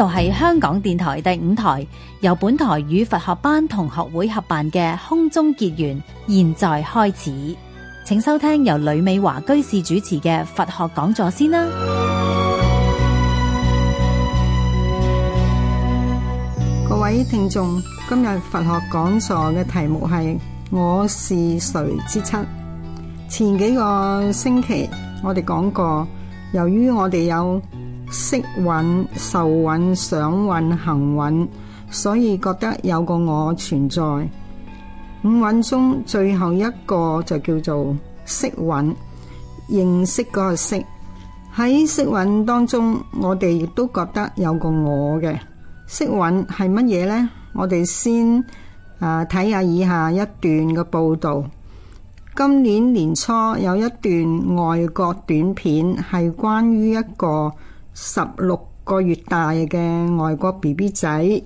就係香港電台第五台，由本台與佛學班同學會合辦嘅空中結緣，現在開始，請收聽由呂美華居士主持嘅佛學講座先啦。各位聽眾，今日佛學講座嘅題目係我是誰之七。前幾個星期我哋講過，由於我哋有。色蘊、受蘊、想蘊、行蘊，所以覺得有個我存在。五蘊中最後一個就叫做識蘊，認識嗰個識。喺識蘊當中，我哋亦都覺得有個我。嘅識蘊係乜嘢呢？我哋先啊睇下以下一段嘅報道。今年年初有一段外國短片係關於一個十六個月大嘅外國 B B 仔，一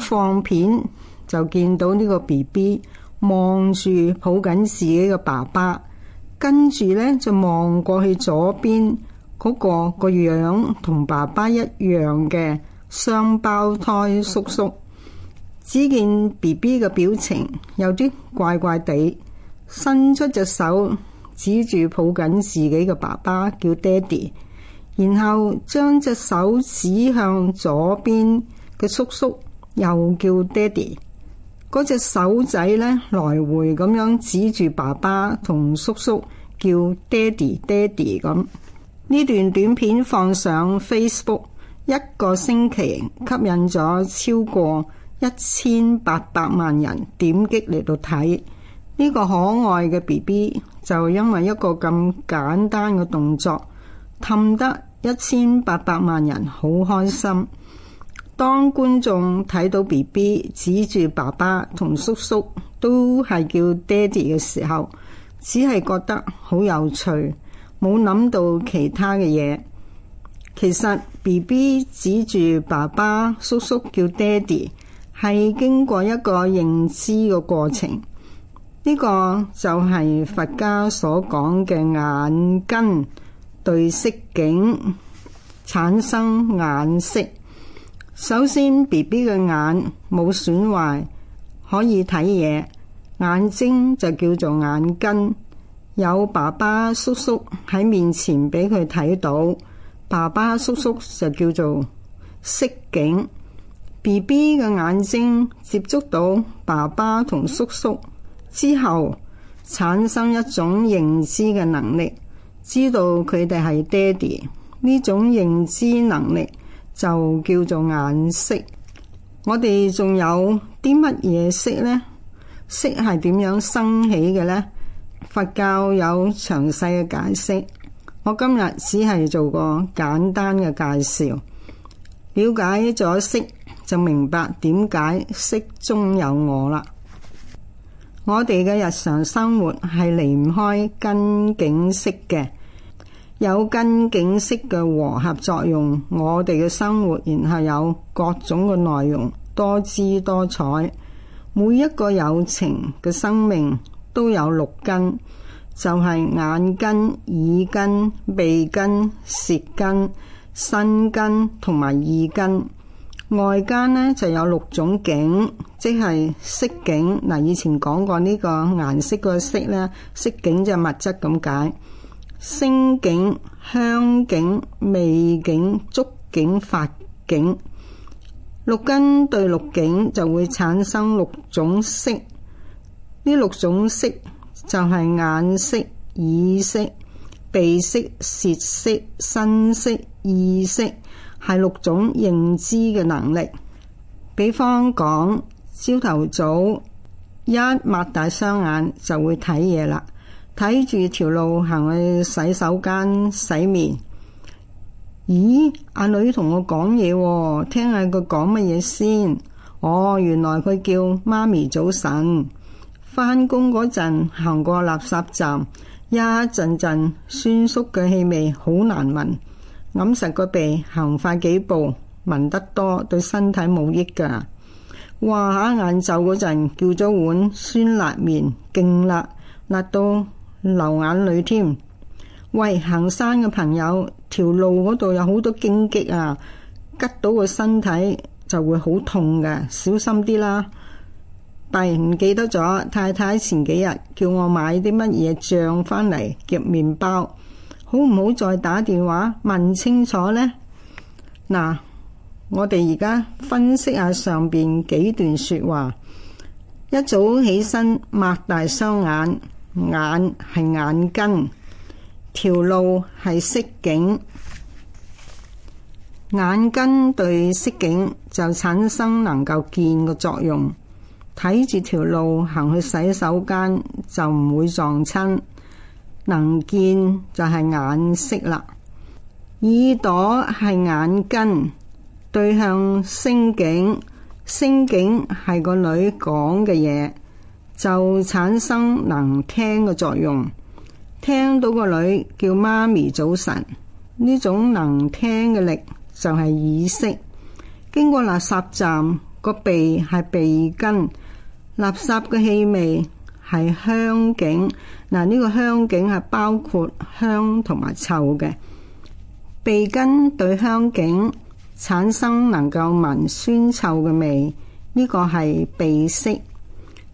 放片就見到呢個 B B 望住抱緊自己嘅爸爸，跟住呢就望過去左邊嗰、嗰個、嗰個樣同爸爸一樣嘅雙胞胎叔叔。只見 B B 嘅表情有啲怪怪地，伸出隻手指住抱緊自己嘅爸爸，叫爹哋。然後將隻手指向左邊嘅叔叔，又叫爹哋。嗰隻手仔呢，來回咁樣指住爸爸同叔叔，叫爹哋爹哋咁。呢段短片放上 Facebook，一個星期吸引咗超過一千八百萬人點擊嚟到睇。呢個可愛嘅 B B 就因為一個咁簡單嘅動作，氹得。一千八百萬人好開心，當觀眾睇到 B B 指住爸爸同叔叔都係叫爹哋嘅時候，只係覺得好有趣，冇諗到其他嘅嘢。其實 B B 指住爸爸、叔叔叫爹哋，係經過一個認知嘅過程。呢個就係佛家所講嘅眼根，對色境產生眼色。首先，BB 嘅眼冇損壞，可以睇嘢。眼睛就叫做眼根，有爸爸叔叔喺面前俾佢睇到。爸爸叔叔就叫做色境。BB 嘅眼睛接觸到爸爸同叔叔之後，產生一種認知嘅能力。知道佢哋係爹哋，呢種認知能力就叫做眼識。我哋仲有啲乜嘢識呢？識係點樣生起嘅呢？佛教有詳細嘅解釋。我今日只係做個簡單嘅介紹。了解咗識就明白點解識中有我啦。我哋嘅日常生活係離唔開根境識嘅。有根景色嘅和合作用，我哋嘅生活，然後有各種嘅內容，多姿多彩。每一個有情嘅生命都有六根，就係、是、眼根、耳根、鼻根、舌根、身根同埋意根。外間呢就有六種景，即係色景。嗱，以前講過呢個顏色個色呢，色景就物質咁解。聲境、香境、味境、觸境、法境，六根對六境，就會產生六種識。呢六種識就係眼識、耳識、鼻識、舌識、舌識、身識、意識，係六種認知嘅能力。比方講，朝頭早一擘大雙眼，就會睇嘢啦。睇住條路行去洗手間洗面，咦？阿女同我講嘢，哦，聽下佢講乜嘢先？哦，原來佢叫媽咪早晨。返工嗰陣行過垃圾站，一陣陣酸縮嘅氣味好難聞，揞實個鼻，行快幾步，聞得多對身體冇益㗎。嘩，下晏晝嗰陣叫咗碗酸辣麵，勁辣辣到～流眼淚添。喂，行山嘅朋友，條路嗰度有好多荊棘啊，拮到個身體就會好痛嘅，小心啲啦。但唔記得咗，太太前幾日叫我買啲乜嘢醬返嚟夾麵包，好唔好再打電話問清楚呢？嗱，我哋而家分析下上邊幾段説話。一早起身，擘大雙眼。眼係眼根，條路係色境，眼根對色境就產生能夠見嘅作用，睇住條路行去洗手間就唔會撞親，能見就係眼識。啦耳朵係眼根，對向聲境，聲境係個女講嘅嘢，就產生能聽嘅作用，聽到個女叫媽咪早晨，呢種能聽嘅力就係耳識。經過垃圾站個鼻係鼻根，垃圾嘅氣味係香境。嗱、這、呢個香境係包括香同埋臭嘅。鼻根對香境產生能夠聞酸臭嘅味，呢、這個係鼻識。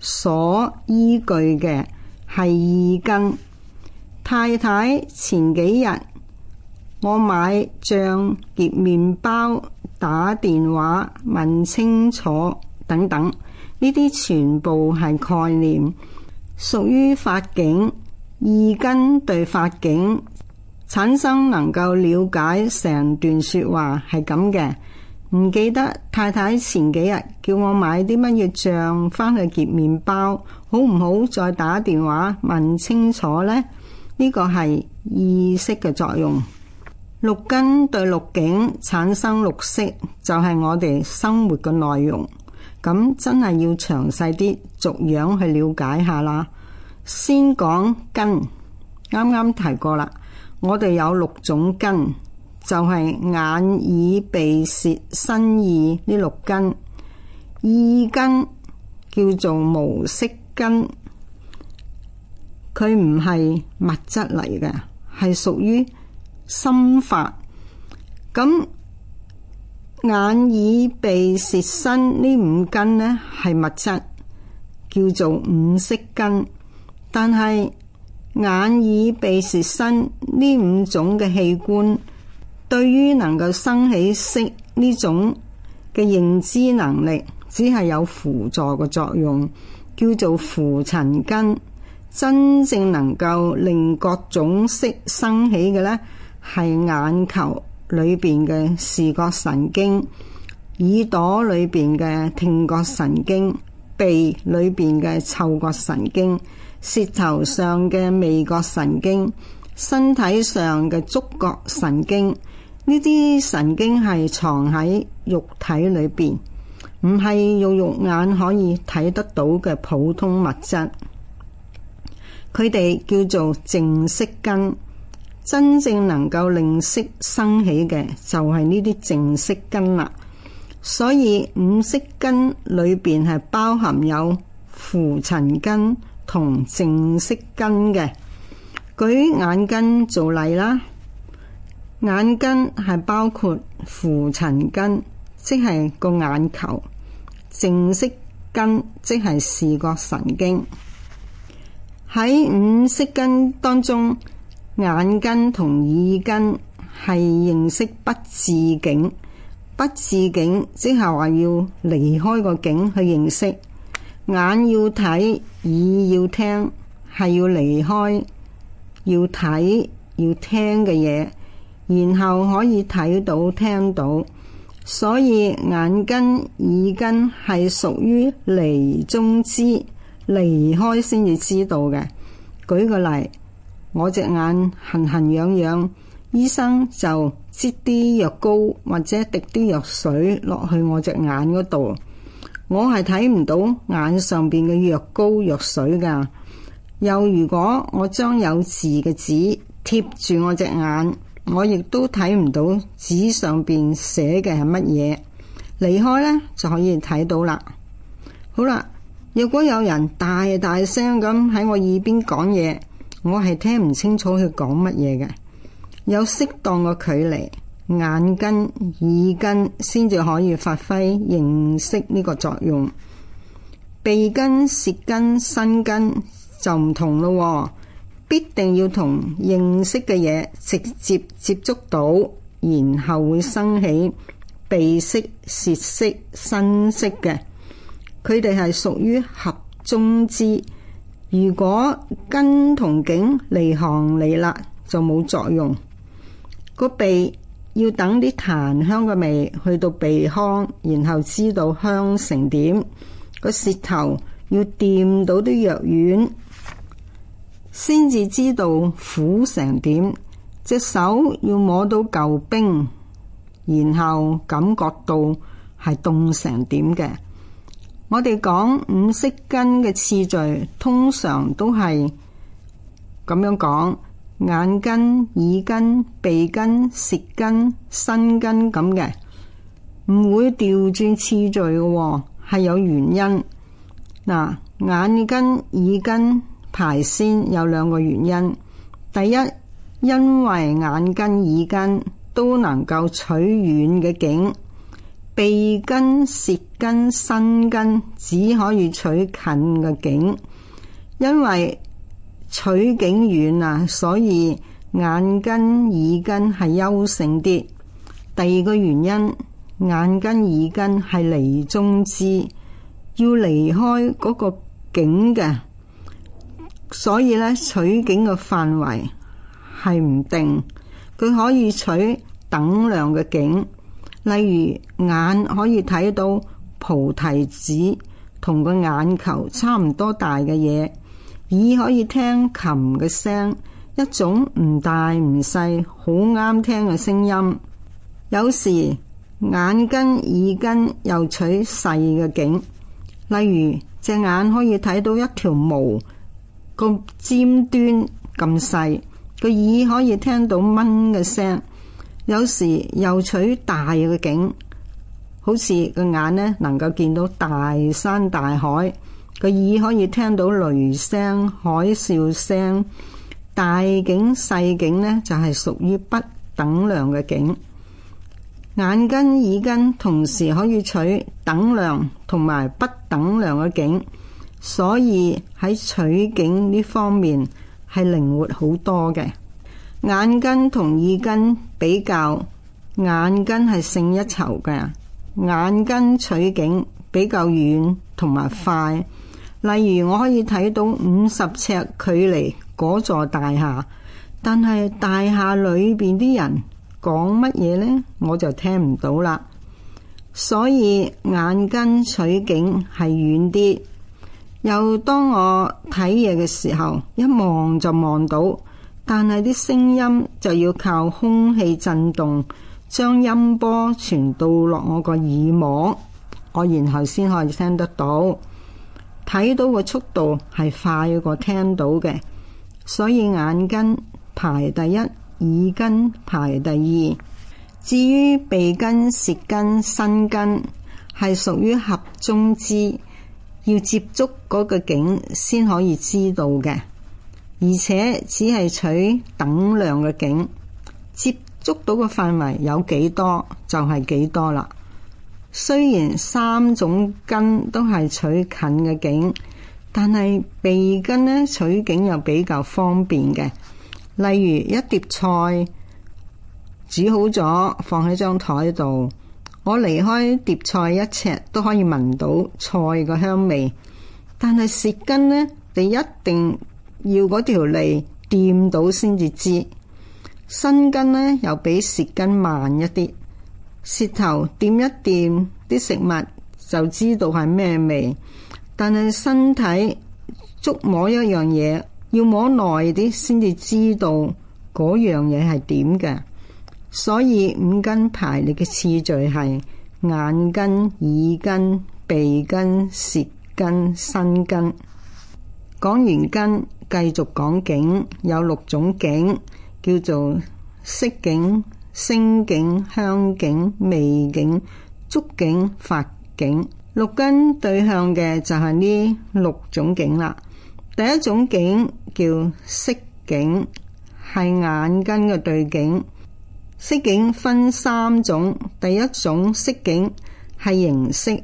所依據嘅係意根。太太前幾日，我買醬及麵包，打電話問清楚等等，呢啲全部係概念，屬於法境。意根對法境產生能夠了解成段説話，係咁嘅。唔記得太太前幾日叫我買啲乜嘢醬返去煎麵包，好唔好再打電話問清楚呢？呢個係意識嘅作用。六根對六境產生六識，就係、是、我哋生活嘅內容。咁真係要詳細啲逐樣去了解下啦。先講根，啱啱提過啦，我哋有六種根。就係眼、耳、鼻、舌、身、意呢六根，意根叫做無色根，佢唔係物質嚟嘅，係屬於心法。咁眼、耳、鼻、舌、身呢五根呢，係物質，叫做五色根。但係眼、耳、鼻、舌、身呢五種嘅器官。對於能夠生起色呢種嘅認知能力，只係有輔助嘅作用，叫做扶塵根。真正能夠令各種色生起嘅咧，係眼球裏邊嘅視覺神經，耳朵裏邊嘅聽覺神經，鼻裏邊嘅嗅覺神經，舌頭上嘅味覺神經，身體上嘅觸覺神經。呢啲神經係藏喺肉體裏邊，唔係用肉眼可以睇得到嘅普通物質。佢哋叫做淨色根，真正能夠令色生起嘅就係呢啲淨色根啦。所以五色根裏邊係包含有浮塵根同淨色根嘅。舉眼根做例啦。眼根係包括浮塵根，即係個眼球；淨色根即係視覺神經。喺五色根當中，眼根同耳根係認識不自境。不自境即係話要離開個境去認識。眼要睇，耳要聽，係要離開要睇要聽嘅嘢。然後可以睇到聽到，所以眼根耳根係屬於離中之離開先至知道嘅。舉個例，我隻眼痕痕癢癢，醫生就擠啲藥膏或者滴啲藥水落去我隻眼嗰度，我係睇唔到眼上邊嘅藥膏藥水㗎。又如果我將有字嘅紙貼住我隻眼。我亦都睇唔到紙上邊寫嘅係乜嘢，離開呢就可以睇到啦。好啦，如果有人大大聲咁喺我耳邊講嘢，我係聽唔清楚佢講乜嘢嘅。有適當嘅距離，眼根、耳根先至可以發揮認識呢個作用，鼻根、舌根、身根就唔同咯。必定要同認識嘅嘢直接接觸到，然後會生起鼻識、舌識、身識嘅。佢哋係屬於合中知。如果根同境離行離啦，就冇作用。個鼻要等啲檀香嘅味去到鼻腔，然後知道香成點。個舌頭要掂到啲藥丸。先至知道苦成點，隻手要摸到舊冰，然後感覺到係凍成點嘅。我哋講五色根嘅次序，通常都係咁樣講：眼根、耳根、鼻根、舌根，根、身根咁嘅，唔會掉轉次序嘅，係有原因。嗱，眼根、耳根。排先有兩個原因，第一，因為眼根、耳根都能夠取遠嘅境，鼻根、舌根、身根只可以取近嘅境。因為取境遠啊，所以眼根、耳根係優勝啲。第二個原因，眼根、耳根係離中知，要離開嗰個境嘅。所以咧，取景嘅範圍係唔定，佢可以取等量嘅景，例如眼可以睇到菩提子同個眼球差唔多大嘅嘢，耳可以聽琴嘅聲，一種唔大唔細，好啱聽嘅聲音。有時眼根、耳根又取細嘅景，例如隻眼可以睇到一條毛。個尖端咁細，個耳可以聽到蚊嘅聲；有時又取大嘅景，好似個眼呢，能夠見到大山大海，個耳可以聽到雷聲、海嘯聲。大景細景呢，就係屬於不等量嘅景，眼根耳根同時可以取等量同埋不等量嘅景。所以喺取景呢方面係靈活好多嘅。眼根同耳根比較，眼根係勝一籌嘅。眼根取景比較遠同埋快。例如我可以睇到五十尺距離嗰座大廈，但係大廈裏邊啲人講乜嘢呢，我就聽唔到啦。所以眼根取景係遠啲。又當我睇嘢嘅時候，一望就望到，但係啲聲音就要靠空氣震動，將音波傳到落我個耳膜，我然後先可以聽得到。睇到個速度係快過聽到嘅，所以眼根排第一，耳根排第二。至於鼻根、舌根、身根，係屬於合中知。要接觸嗰個境先可以知道嘅，而且只係取等量嘅境，接觸到嘅範圍有幾多就係幾多啦。雖然三種根都係取近嘅境，但係鼻根呢，取境又比較方便嘅，例如一碟菜煮好咗，放喺張枱度。我離開碟菜一尺都可以聞到菜個香味，但係舌根呢，你一定要嗰條脷掂到先至知。身根呢，又比舌根慢一啲，舌頭掂一掂啲食物就知道係咩味，但係身體捉摸一樣嘢，要摸耐啲先至知道嗰樣嘢係點嘅。所以五根排列嘅次序係眼根、耳根、鼻根、舌根、身根。講完根，繼續講境，有六種境，叫做色境、聲境、香境、味境、觸境、法境。六根對向嘅就係呢六種境啦。第一種境叫色境，係眼根嘅對境。色境分三種，第一種色境係形式，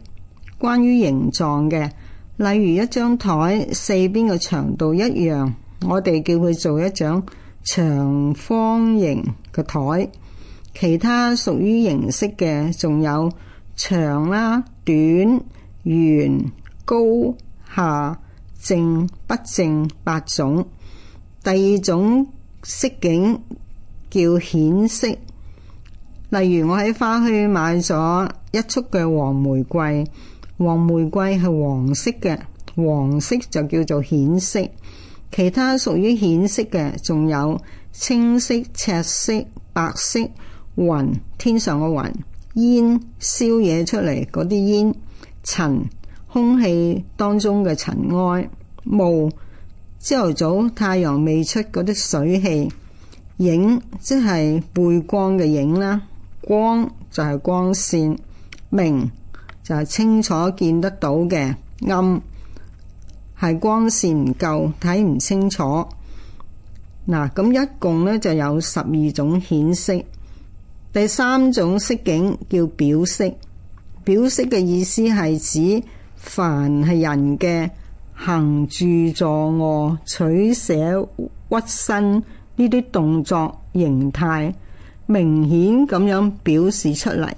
關於形狀嘅，例如一張台四邊嘅長度一樣，我哋叫佢做一張長方形嘅台。其他屬於形式嘅，仲有長啦、短、圓、高、下、正不正八種。第二種色境。叫顯色，例如我喺花墟買咗一束嘅黃玫瑰，黃玫瑰係黃色嘅，黃色就叫做顯色。其他屬於顯色嘅，仲有青色、赤色、白色、雲、天上嘅雲、煙、燒嘢出嚟嗰啲煙、塵、空氣當中嘅塵埃、霧、朝頭早太陽未出嗰啲水汽。影即係背光嘅影啦，光就係光線，明就係清楚見得到嘅，暗係光線唔夠睇唔清楚嗱。咁一共咧就有十二種顯色，第三種色境叫表色。表色嘅意思係指凡係人嘅行住坐臥、取捨屈身。呢啲動作形態明顯咁樣表示出嚟，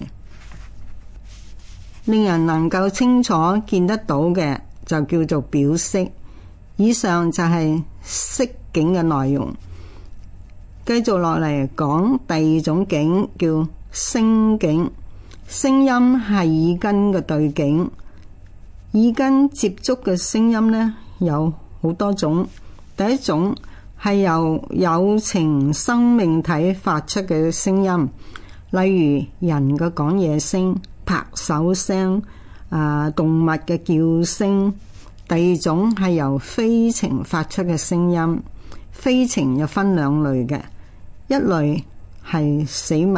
令人能夠清楚見得到嘅就叫做表色。以上就係色景嘅內容。繼續落嚟講第二種景叫聲景，聲音係耳根嘅對景，耳根接觸嘅聲音呢，有好多種，第一種。係由有情生命體發出嘅聲音，例如人嘅講嘢聲、拍手聲，啊、呃、動物嘅叫聲。第二種係由非情發出嘅聲音，非情又分兩類嘅，一類係死物，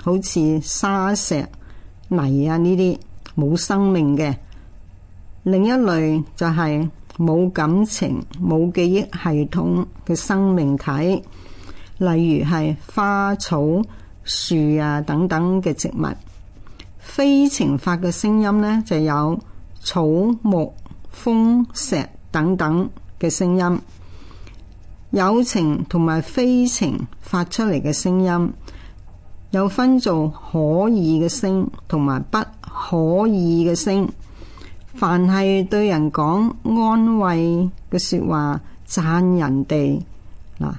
好似沙石、泥啊呢啲冇生命嘅，另一類就係、是。冇感情、冇記憶系統嘅生命體，例如係花草樹啊等等嘅植物。非情發嘅聲音呢，就有草木風石等等嘅聲音。有情同埋非情發出嚟嘅聲音，有分做可以嘅聲同埋不可以嘅聲。凡係對人講安慰嘅說話，讚人哋，嗱，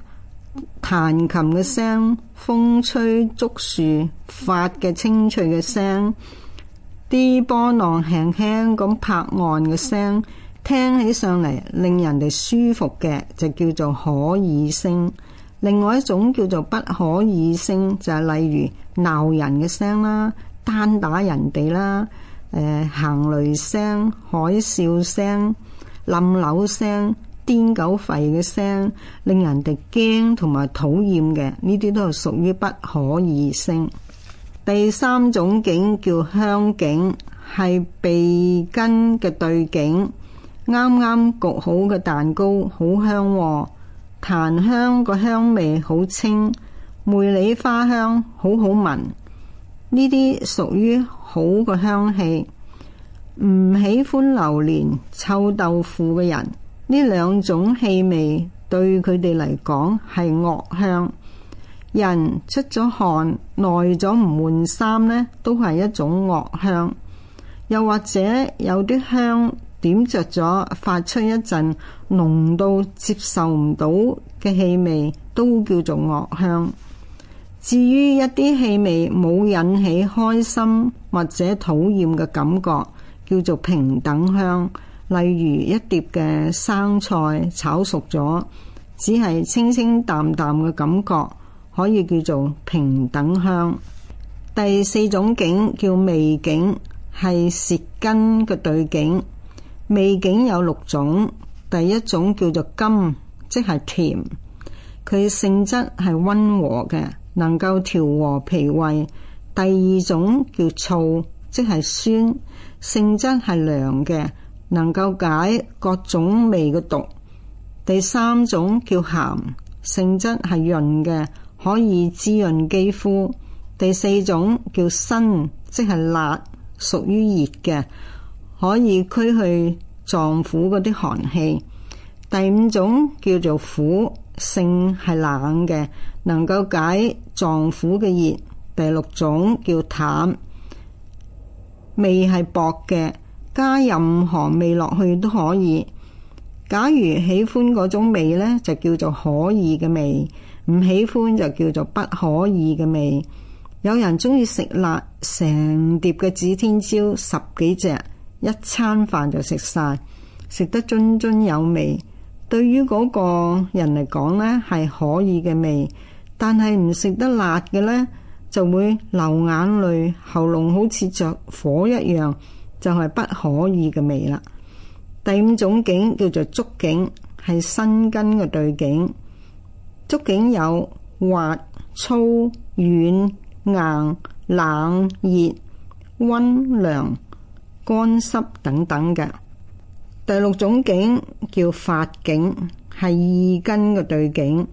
彈琴嘅聲、風吹竹樹發嘅清脆嘅聲、啲波浪輕輕咁拍岸嘅聲，聽起上嚟令人哋舒服嘅，就叫做可以聲。另外一種叫做不可以聲，就係，例如鬧人嘅聲啦、單打人哋啦。行雷聲、海嘯聲、冧樓聲、癲狗吠嘅聲，令人哋驚同埋討厭嘅，呢啲都係屬於不可意聲。第三種景叫香景，係鼻根嘅對景。啱啱焗好嘅蛋糕，好香喎、哦，檀香個香味好清，茉莉花香好好聞，呢啲屬於好個香氣，唔喜歡榴蓮、臭豆腐嘅人，呢兩種氣味對佢哋嚟講係惡香。人出咗汗、耐咗唔換衫呢，都係一種惡香。又或者有啲香點着咗，發出一陣濃到接受唔到嘅氣味，都叫做惡香。至於一啲氣味冇引起開心或者討厭嘅感覺，叫做平等香。例如一碟嘅生菜炒熟咗，只係清清淡淡嘅感覺，可以叫做平等香。第四種景叫味景，係舌根嘅對景。味景有六種，第一種叫做甘，即係甜。佢性質係温和嘅。能夠調和脾胃。第二種叫醋，即係酸，性質係涼嘅，能夠解各種味嘅毒。第三種叫鹹，性質係潤嘅，可以滋潤肌膚。第四種叫辛，即係辣，屬於熱嘅，可以驅去臟腑嗰啲寒氣。第五種叫做苦。性係冷嘅，能夠解臟腑嘅熱。第六種叫淡，味係薄嘅，加任何味落去都可以。假如喜歡嗰種味呢，就叫做可以嘅味；唔喜歡就叫做不可以嘅味。有人中意食辣，成碟嘅指天椒十幾隻，一餐飯就食晒，食得津津有味。對於嗰個人嚟講呢係可以嘅味，但係唔食得辣嘅呢，就會流眼淚，喉嚨好似着火一樣，就係、是、不可以嘅味啦。第五種境叫做觸境，係身根嘅對境。觸境有滑、粗、軟、硬、冷、熱、溫涼、乾濕等等嘅。第六種境叫法境，係意根嘅對境。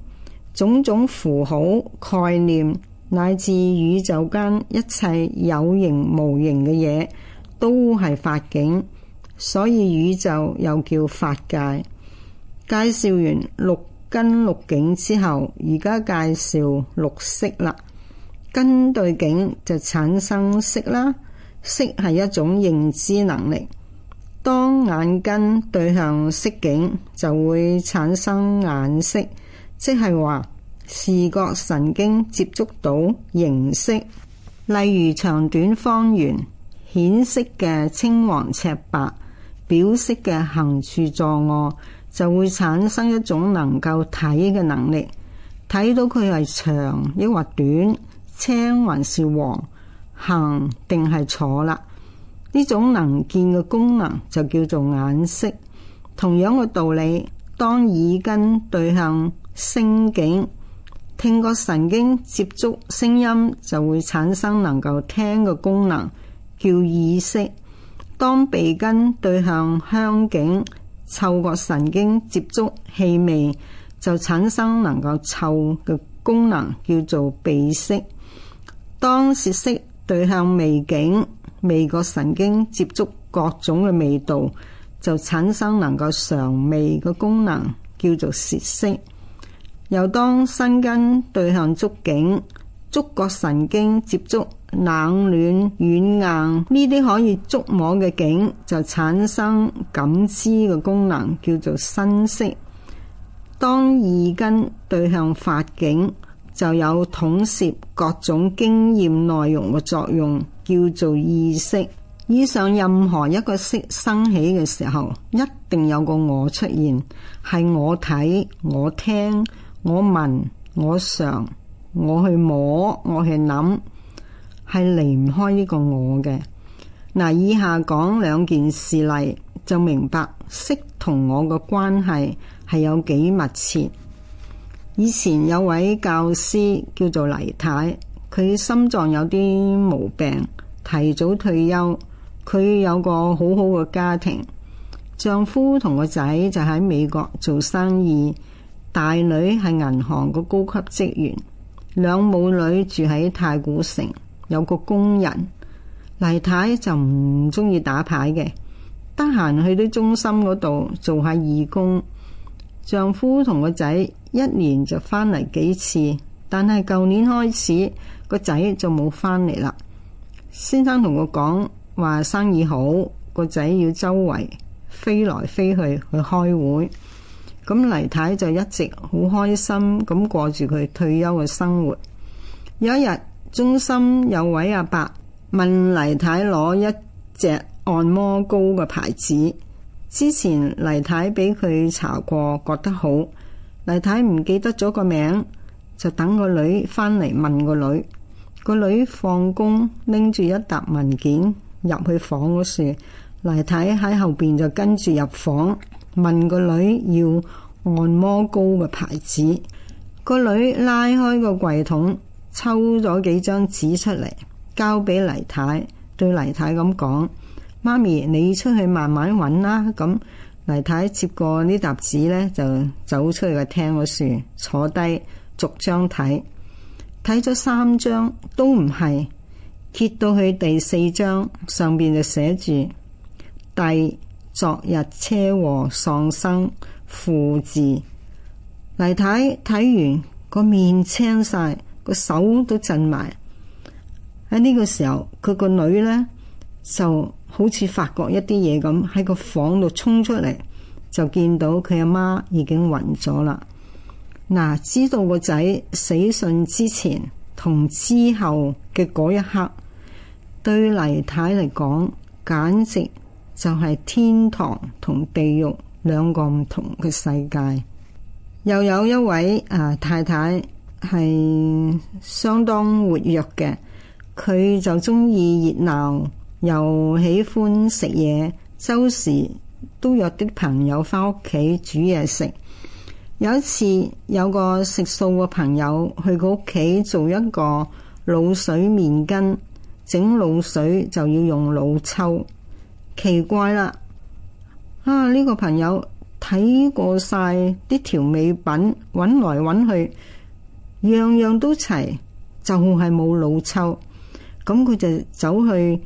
種種符號、概念乃至宇宙間一切有形無形嘅嘢，都係法境。所以宇宙又叫法界。介紹完六根六境之後，而家介紹六識啦。根對境就產生識啦。識係一種認知能力。當眼根對向色境，就會產生眼色，即係話視覺神經接觸到形色，例如長短、方圓、顯色嘅青黃赤白，表色嘅行住坐臥，就會產生一種能夠睇嘅能力，睇到佢係長抑或短，青還是黃，行定係坐啦。呢種能見嘅功能就叫做眼色。同樣嘅道理，當耳根對向聲境，聽覺神經接觸聲音，就會產生能夠聽嘅功能，叫耳色。當鼻根對向香境，嗅覺神經接觸氣味，就產生能夠嗅嘅功能，叫做鼻色。當舌色對向味境。味覺神經接觸各種嘅味道，就產生能夠嘗味嘅功能，叫做舌識。又當身根對向觸境，觸覺神經接觸冷暖軟硬呢啲可以觸摸嘅境，就產生感知嘅功能，叫做身識。當意根對向法境。就有統攝各種經驗內容嘅作用，叫做意識。以上任何一個色生起嘅時候，一定有個我出現，係我睇、我聽、我聞、我嘗、我去摸、我去諗，係離唔開呢個我嘅。嗱，以下講兩件事例，就明白色同我嘅關係係有幾密切。以前有位教師叫做黎太，佢心臟有啲毛病，提早退休。佢有個好好嘅家庭，丈夫同個仔就喺美國做生意，大女係銀行嘅高級職員，兩母女住喺太古城，有個工人。黎太就唔中意打牌嘅，得閒去啲中心嗰度做下義工。丈夫同個仔一年就返嚟幾次，但係舊年開始個仔就冇返嚟啦。先生同我講話生意好，個仔要周圍飛來飛去去開會。咁黎太就一直好開心咁過住佢退休嘅生活。有一日中心有位阿伯問黎太攞一隻按摩膏嘅牌子。之前黎太俾佢查過，覺得好。黎太唔記得咗個名，就等個女返嚟問個女。個女放工，拎住一沓文件入去房嗰時，黎太喺後邊就跟住入房，問個女要按摩膏嘅牌子。個女拉開個櫃桶，抽咗幾張紙出嚟，交俾黎太，對黎太咁講。媽咪，你出去慢慢揾啦。咁黎太接過呢沓紙呢，就走出去個廳嗰處坐低，逐張睇，睇咗三張都唔係，揭到去第四張上邊就寫住第昨日車禍喪生負字。黎太睇完個面青晒，個手都震埋。喺呢個時候，佢個女呢就。好似發覺一啲嘢咁，喺個房度衝出嚟，就見到佢阿媽已經暈咗啦。嗱，啊，知道個仔死訊之前同之後嘅嗰一刻，對黎太嚟講，簡直就係天堂同地獄兩個唔同嘅世界。又有一位啊太太係相當活躍嘅，佢就中意熱鬧。又喜歡食嘢，周時都約啲朋友返屋企煮嘢食。有一次有個食素嘅朋友去佢屋企做一個滷水麵筋，整滷水就要用老抽，奇怪啦！啊，呢、這個朋友睇過晒啲調味品，揾來揾去，樣樣都齊，就係冇老抽。咁佢就走去。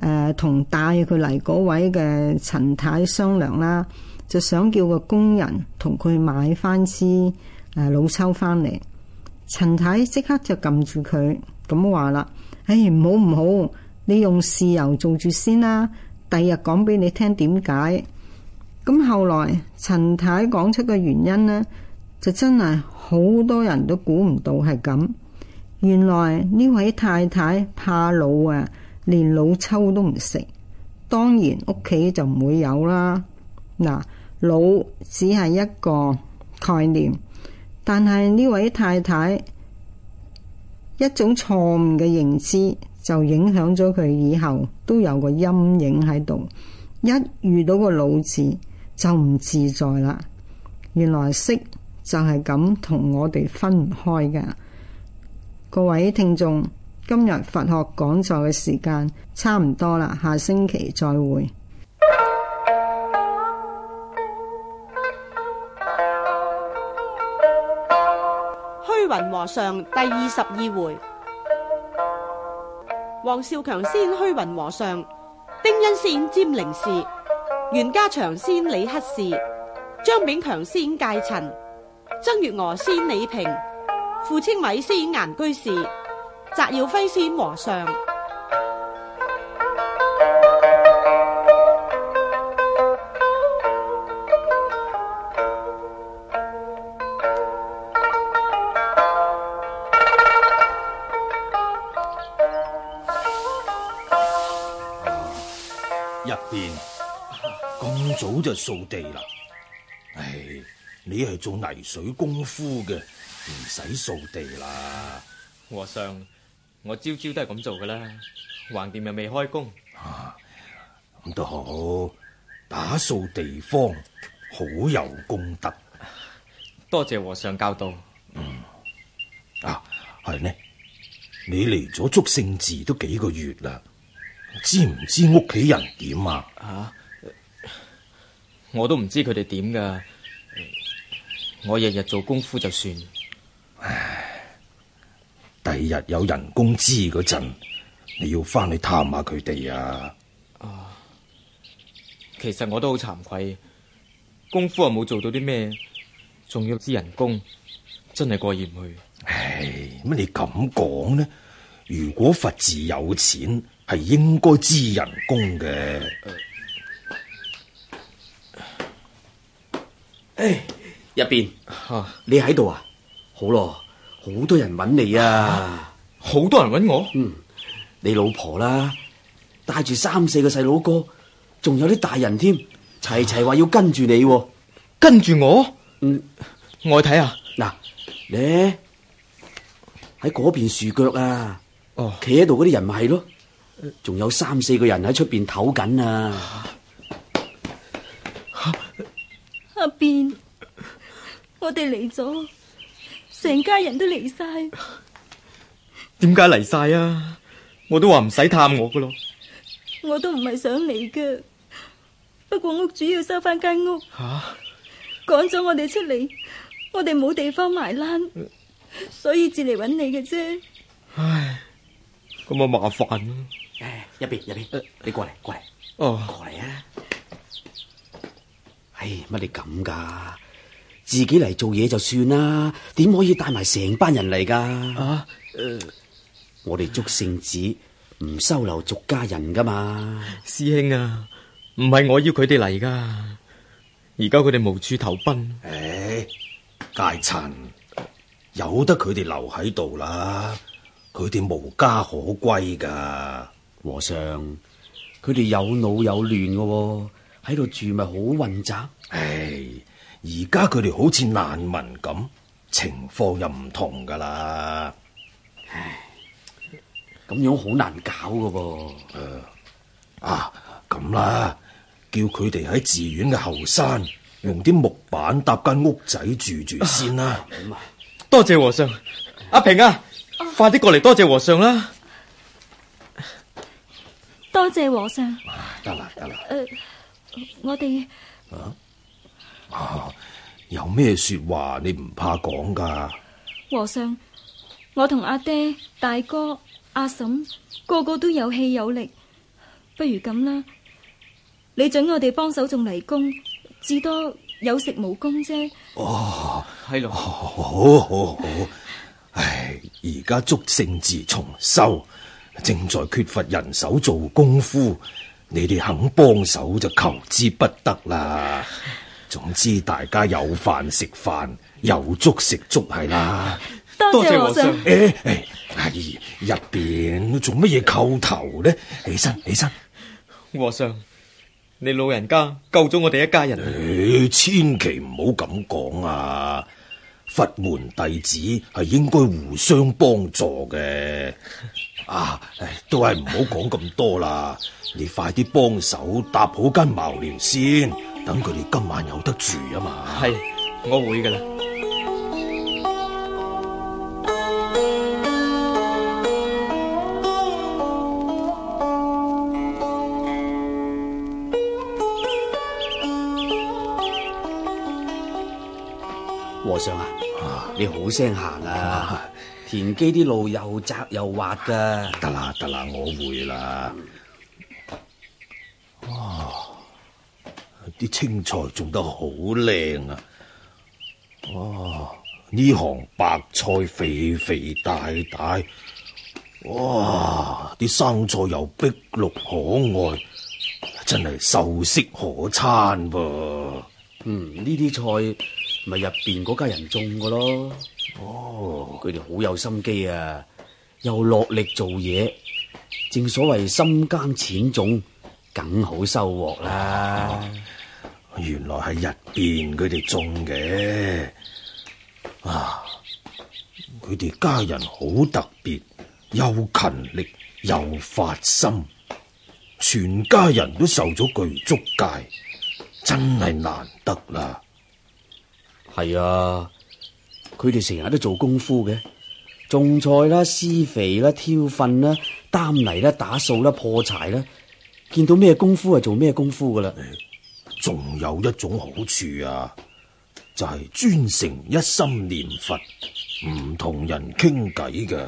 誒，同帶佢嚟嗰位嘅陳太商量啦，就想叫個工人同佢買翻支誒老抽翻嚟。陳太即刻就撳住佢，咁話啦：誒，唔好唔好，你用豉油做住先啦。第日講俾你聽點解。咁後來陳太講出個原因呢，就真係好多人都估唔到係咁。原來呢位太太怕老啊。連老抽都唔食，當然屋企就唔會有啦。嗱，老只係一個概念，但係呢位太太一種錯誤嘅認知，就影響咗佢以後都有個陰影喺度。一遇到個老字，就唔自在啦。原來識就係咁同我哋分唔開㗎，各位聽眾。今日佛學講座嘅時間差唔多啦，下星期再會。虛雲和尚第二十二回，黃少強先虛雲和尚，丁恩先占靈士，袁家祥先李克士，張炳強先介陳，曾月娥先李平，傅清偉先顏居士。翟耀輝先和尚，啊！入邊咁早就掃地啦，唉，你係做泥水功夫嘅？唔使掃地啦，和尚。我朝朝都係咁做噶啦，橫掂又未開工。啊，咁都好，打掃地方好有功德。多謝和尚教導。嗯，啊，係呢？你嚟咗祝聖寺都幾個月啦？知唔知屋企人點啊？啊，我都唔知佢哋點噶。我日日做功夫就算。唉第二日有人工資嗰陣，你要翻去探下佢哋啊！啊，其實我都好慚愧，功夫又冇做到啲咩，仲要支人工，真係過意唔去。唉，乜你咁講呢？如果佛字有錢，係應該支人工嘅。誒、啊，入邊，啊、你喺度啊？好咯。好多人揾你啊！好、啊、多人揾我。嗯，你老婆啦，帶住三四個細佬哥，仲有啲大人添，齊齊話要跟住你、啊啊，跟住我。嗯，我睇下。嗱，咧喺嗰邊樹腳啊，企喺度嗰啲人咪係咯，仲有三四個人喺出邊唞緊啊。阿邊，我哋嚟咗。成家人都嚟晒，點解嚟晒啊？我都話唔使探我噶咯，我都唔係想嚟噶，不過屋主要收返間屋，吓趕咗我哋出嚟，我哋冇地方埋欄，所以至嚟揾你嘅啫。唉，咁啊麻煩啦。誒，入邊入邊，你過嚟過嚟哦，過嚟啊！唉，乜你咁噶？自己嚟做嘢就算啦，點可以帶埋成班人嚟噶？啊，呃、我哋祝聖寺唔收留俗家人噶嘛？師兄啊，唔係我要佢哋嚟噶，而家佢哋無處投奔。唉、欸，戒塵，由得佢哋留喺度啦，佢哋無家可歸噶。和尚，佢哋有腦有亂噶，喺度住咪好混雜？唉、欸。而家佢哋好似難民咁，情況又唔同噶啦。唉，咁樣好難搞噶噃、呃。啊，咁啦，叫佢哋喺寺院嘅後山用啲木板搭間屋仔住住先啦、啊嗯。多謝和尚，阿、啊、平啊，啊快啲過嚟，多謝和尚啦。多謝和尚。得啦得啦。我哋。啊啊！有咩說話你唔怕講㗎？和尚，我同阿爹、大哥、阿嬸個個都有氣有力，不如咁啦，你准我哋幫手做泥工，至多有食冇功啫。哦，係咯的，好好好。唉，而家祝聖寺重修，正在缺乏人手做功夫，你哋肯幫手就求之不得啦。總之大家有飯食飯，有粥食粥係啦。多謝和尚。誒誒、哎，阿姨入邊做乜嘢叩頭呢？起身，起身。和尚，你老人家救咗我哋一家人。哎、千祈唔好咁講啊！佛門弟子係應該互相幫助嘅。啊，哎、都係唔好講咁多啦。 你快啲幫手搭好間茅簾先。.等佢哋今晚有得住啊嘛！係，我會噶啦。和尚啊，你好聲行啊！ 田基啲路又窄又滑噶、啊。得啦得啦，我會啦。啲青菜種得好靚啊！哇，呢行白菜肥肥大大，哇，啲哇生菜又碧綠可愛，真係秀色可餐噃、啊！嗯，呢啲菜咪入邊嗰家人種㗎咯。哦，佢哋好有心機啊，又落力做嘢，正所謂深耕淺種，梗好收穫啦、啊。嗯原來係入邊佢哋種嘅啊！佢哋家人好特別，又勤力又發心，全家人都受咗具足戒，真係難得啦。係啊，佢哋成日都做功夫嘅，種菜啦、施肥啦、挑糞啦、擔泥啦、打掃啦、破柴啦，見到咩功夫就做咩功夫噶啦。仲有一種好處啊，就係專誠一心念佛，唔同人傾偈嘅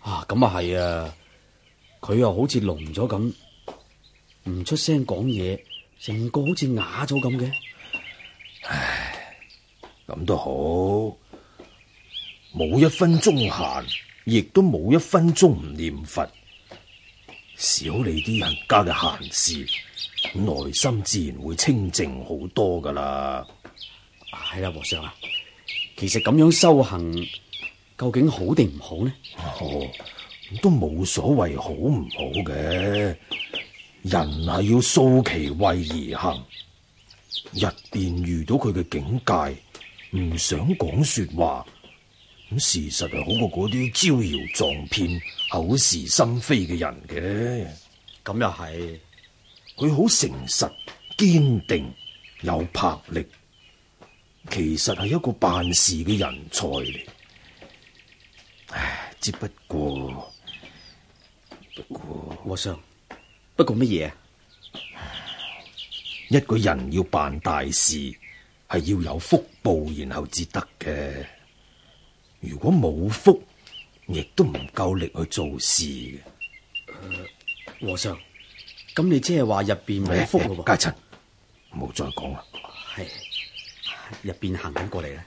啊，咁啊係啊，佢又好似聾咗咁，唔出聲講嘢，成個好似啞咗咁嘅，唉，咁都好，冇一分鐘閒，亦都冇一分鐘唔念佛，少你啲人家嘅閒事。內心自然會清淨好多噶啦。係啦，和尚啊，其實咁樣修行究竟好定唔好呢？哦、都冇所謂好唔好嘅。人係要素其位而行，入邊遇到佢嘅境界，唔想講說話。咁事實係好過嗰啲招搖撞騙、口是心非嘅人嘅。咁又係。佢好誠實、堅定、有魄力，其實係一個辦事嘅人才嚟。唉，只不過，不過，和尚，不過乜嘢？一個人要辦大事，係要有福報，然後至得嘅。如果冇福，亦都唔夠力去做事嘅。和尚。咁你即係話入邊冇福嘞？㖏家陳，唔、欸、好再講啦。係，入邊行緊過嚟咧。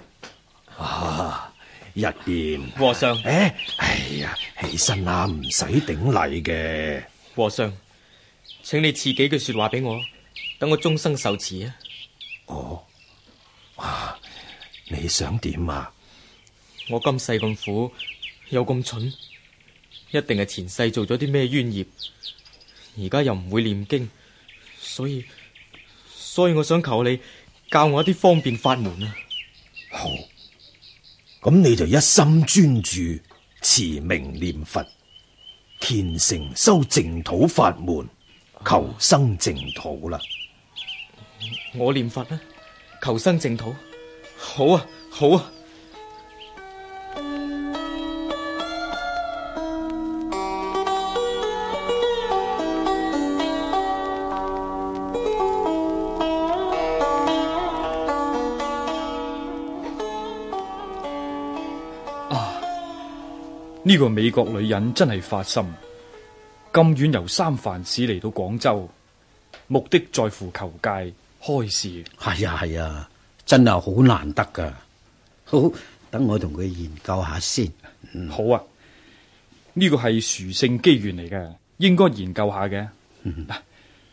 啊，入邊。和尚，誒、欸，哎呀，起身啦，唔使頂禮嘅。和尚，請你賜幾句說話俾我，等我終生受持啊。哦，哇、啊，你想點啊？我今世咁苦，又咁蠢，一定係前世做咗啲咩冤孽。而家又唔會念經，所以所以我想求你教我一啲方便法門啊！好，咁你就一心專注持名念佛，虔誠修淨土法門，求生淨土啦！我念佛，呢，求生淨土，好啊，好啊！呢個美國女人真係發心，咁遠由三藩市嚟到廣州，目的在乎求界開市。係啊係啊，真係好難得噶。好，等我同佢研究下先。嗯、好啊，呢、呢個係殊勝機緣嚟嘅，應該研究下嘅。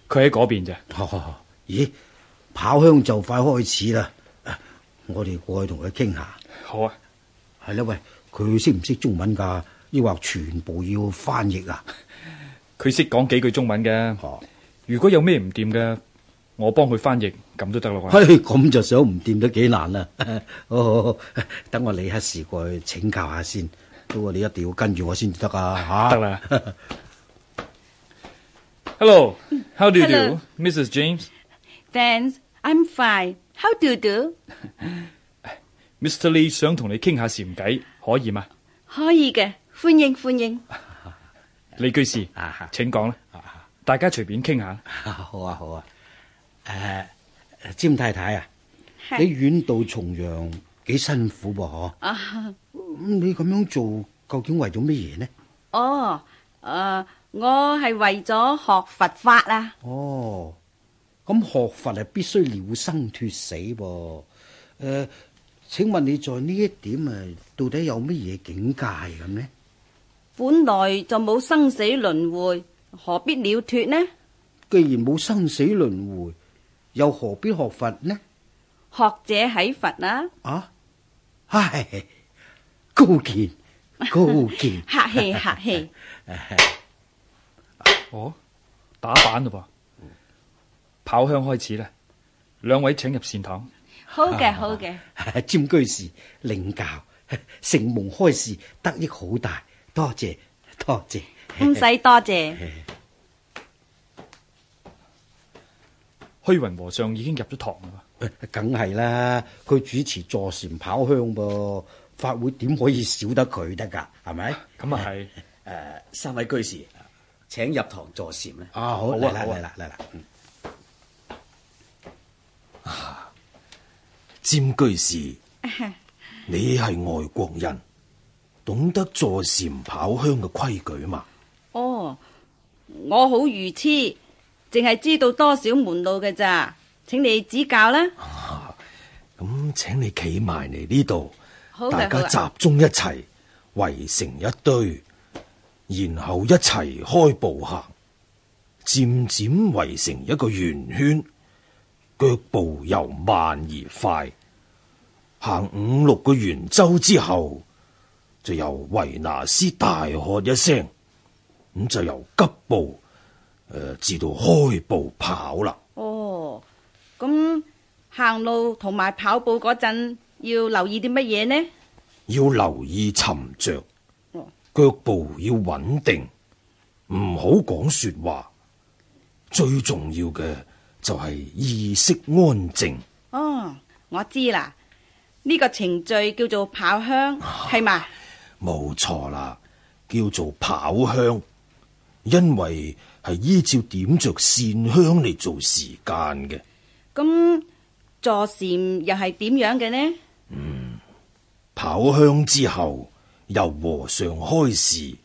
佢喺嗰邊啫、哦。咦，跑香就快開始啦。我哋過去同佢傾下。好啊。係啦，喂。佢識唔識中文噶？要話全部要翻譯啊！佢識講幾句中文嘅。啊、如果有咩唔掂嘅，我幫佢翻譯咁都得咯。嘿，嘿，咁就想唔掂都幾難啦。好好好，等我李黑士過去請教下先。不過你一定要跟住我先至得啊。得啦了。 Hello，how do you do，Mrs. James？Thanks，I'm fine. How do you do？ Mr. Lee 想同你傾下禪偈，可以嗎？可以嘅，歡迎歡迎。李居士，啊、請講啦，啊、大家隨便傾下。好啊，好啊。誒、uh,，詹太太啊，是你遠道重洋幾辛苦噃？嗬，uh, 你咁樣做究竟為咗咩嘢呢？哦，誒，我係為咗學佛法啊。哦，咁學佛係必須了生脱死噃，誒、uh,。請問你在呢一點誒，到底有乜嘢境界咁呢？本來就冇生死輪迴，何必了脱呢？既然冇生死輪迴，又何必學佛呢？學者喺佛啦。啊，係高見，高見。客氣客氣。哦，打板嘞噃，跑香開始啦，兩位請入禪堂。好嘅，好嘅。占、啊、居士，領教，承蒙開示，得益好大，多謝，多謝。唔使多謝。 虛雲和尚已經入咗堂啦，梗係啦，佢主持坐禪、跑香噃法會，點可以少得佢得噶？係咪？咁啊係。誒、啊，三位居士，請入堂坐禪咧。啊，好嚟、啊啊、啦，嚟啦、啊，嚟啦、啊。 占居士， 你係外國人，懂得坐禪跑香嘅規矩嘛？哦，我好愚癡，淨係知道多少門路嘅咋，請你指教啦。咁、啊，請你企埋嚟呢度，吧大家集中一齊，圍成一堆，然後一齊開步行，漸漸圍成一個圓圈。腳步由慢而快，行五六個圓周之後，就由維那師大喝一聲，咁就由急步誒至、呃、到開步跑啦。哦，咁行路同埋跑步嗰陣要留意啲乜嘢呢？要留意，要留意沉着，腳步要穩定，唔好講說話，最重要嘅。就係意識安靜。哦，我知啦，呢個程序叫做跑香，係嘛？啊？冇錯啦，叫做跑香，因為係依照點着線香嚟做時間嘅。咁坐禪又係點樣嘅呢？嗯，跑香之後由和尚開示，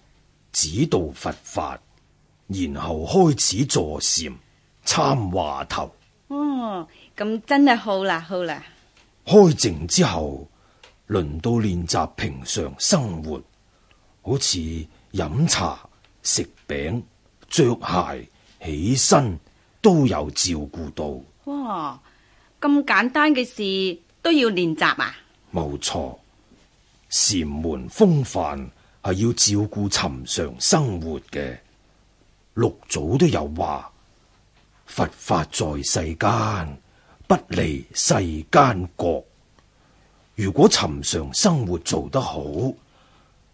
指導佛法，然後開始坐禪。參話頭。哦，咁真係好啦，好啦。開靜之後，輪到練習平常生活，好似飲茶、食餅、着鞋、起身，都有照顧到。哇、哦，咁簡單嘅事都要練習啊？冇錯，禪門風範係要照顧尋常生活嘅。六祖都有話。佛法在世間，不離世間覺。如果尋常生活做得好，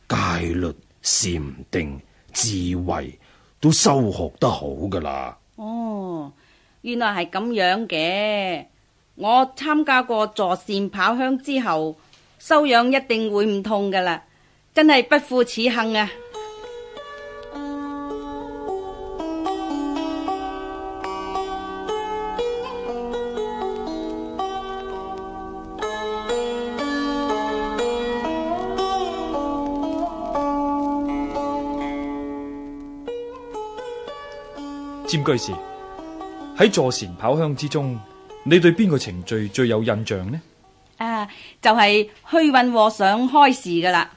戒律、禪定、智慧都修學得好㗎喇。哦，原來係咁樣嘅。我參加過坐禪跑香之後，修養一定會唔痛㗎喇。真係不負此行啊！占居士喺坐禪跑香之中，你對邊個程序最有印象呢？啊，就係虛雲和尚開示㗎喇。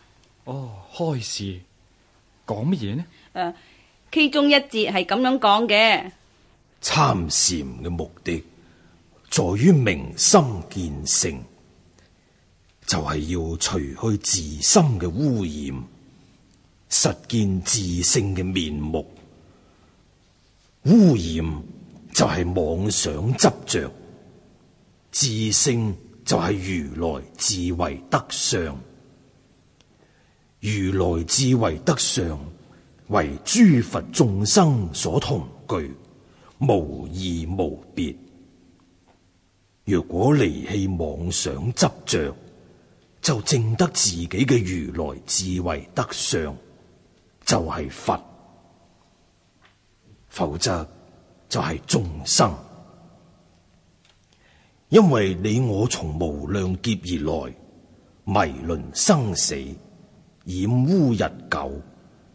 哦，開示講乜嘢呢？誒，其、啊、中一節係咁樣講嘅。參禪嘅目的在於明心見性，就係、是、要除去自身嘅污染，實見自性嘅面目。污染就係妄想執着，自性就係如來智慧德相。如來智慧德相為諸佛眾生所同具，無異無別。若果離棄妄想執着，就證得自己嘅如來智慧德相，就係、是、佛。否則就係、是、眾生，因為你我從無量劫而來，迷論生死，染污日久，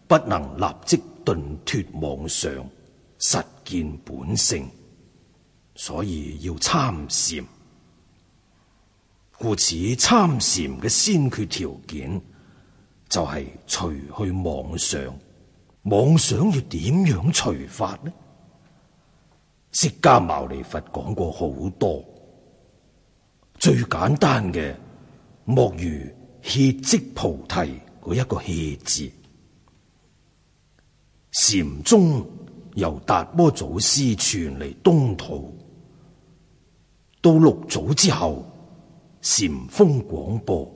不能立即頓脫妄想，實見本性，所以要參禪。故此參禪嘅先決條件就係、是、除去妄想。妄想要點樣除法呢？釋迦牟尼佛講過好多，最簡單嘅莫如歇即菩提嗰一個歇字。禪宗由達摩祖師傳嚟東土，到六祖之後，禪風廣播，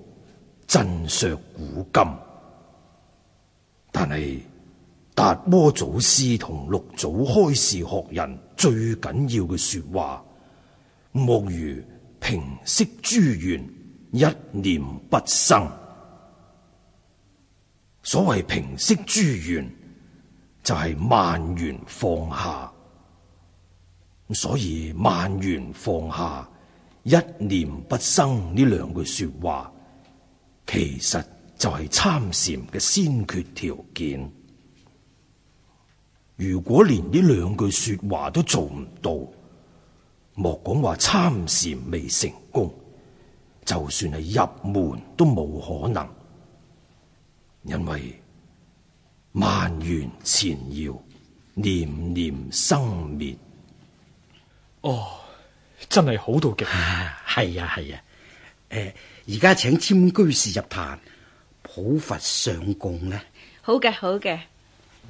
震爍古今。但係。達摩祖師同六祖開示學人最緊要嘅說話，莫如平息諸緣，一念不生。所謂平息諸緣，就係、是、萬緣放下。所以萬緣放下，一念不生呢兩句說話，其實就係參禪嘅先決條件。如果連呢兩句說話都做唔到，莫講話參禪未成功，就算係入門都冇可能，因為萬緣纏繞，念念生滅。哦，真係好到極，係啊係啊。誒、啊，而家、啊呃、請謙居士入壇普佛上供呢？好嘅，好嘅。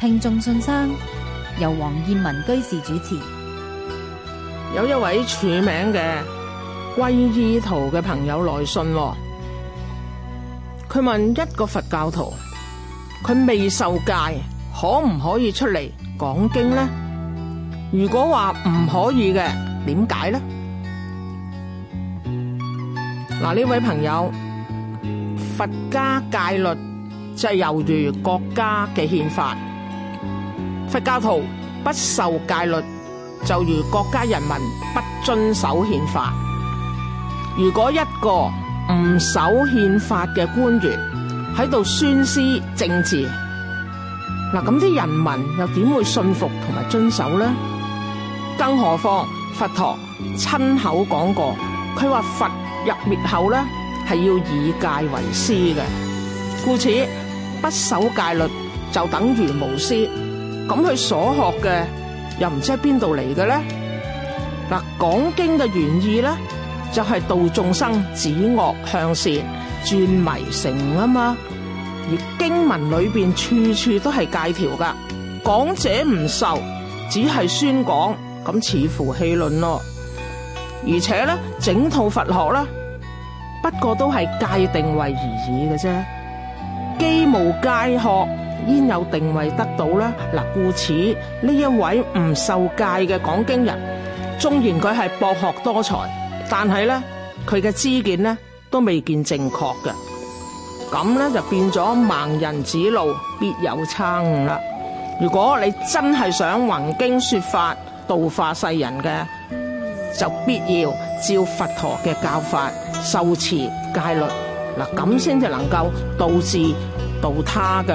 聽眾信箱由黃燕文居士主持，有一位署名嘅歸依徒嘅朋友來信、哦，佢問一個佛教徒，佢未受戒，可唔可以出嚟講經呢？如果話唔可以嘅，點解呢？嗱呢位朋友，佛家戒律就猶如國家嘅憲法。佛教徒不受戒律，就如國家人民不遵守憲法。如果一個唔守憲法嘅官員喺度宣誓政治，嗱咁啲人民又點會信服同埋遵守呢？更何況佛陀親口講過，佢話佛入滅後咧係要以戒為師嘅，故此不守戒律就等於無師。咁佢所學嘅又唔知喺邊度嚟嘅咧？嗱，講經嘅原意咧，就係、是、度眾生，指惡向善，轉迷成啊嘛。而經文裏邊處處都係戒條噶，講者唔受，只係宣講，咁似乎戲論咯。而且咧，整套佛學咧，不過都係戒定為而已嘅啫，機無戒學。焉有定位得到咧？嗱，故此呢一位唔受戒嘅講經人，縱然佢係博學多才，但係咧佢嘅知見咧都未見正確嘅，咁咧就變咗盲人指路，必有差誤啦。如果你真係想弘經說法，度化世人嘅，就必要照佛陀嘅教法受持戒律，嗱咁先至能夠度自度他嘅。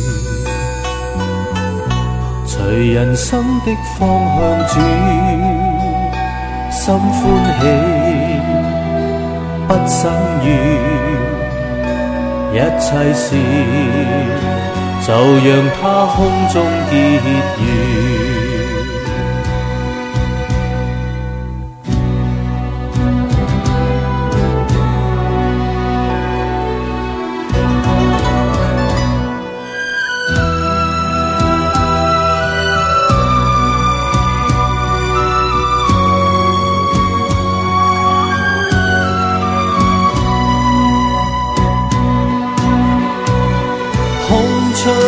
隨人生的方向轉，心歡喜，不生怨。一切事就讓它空中結緣。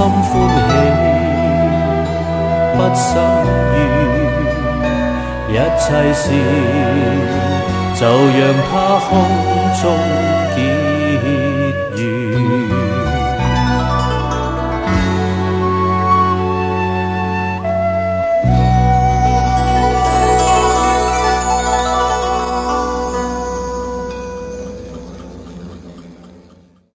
心歡喜，不心願，一切事就讓它空中。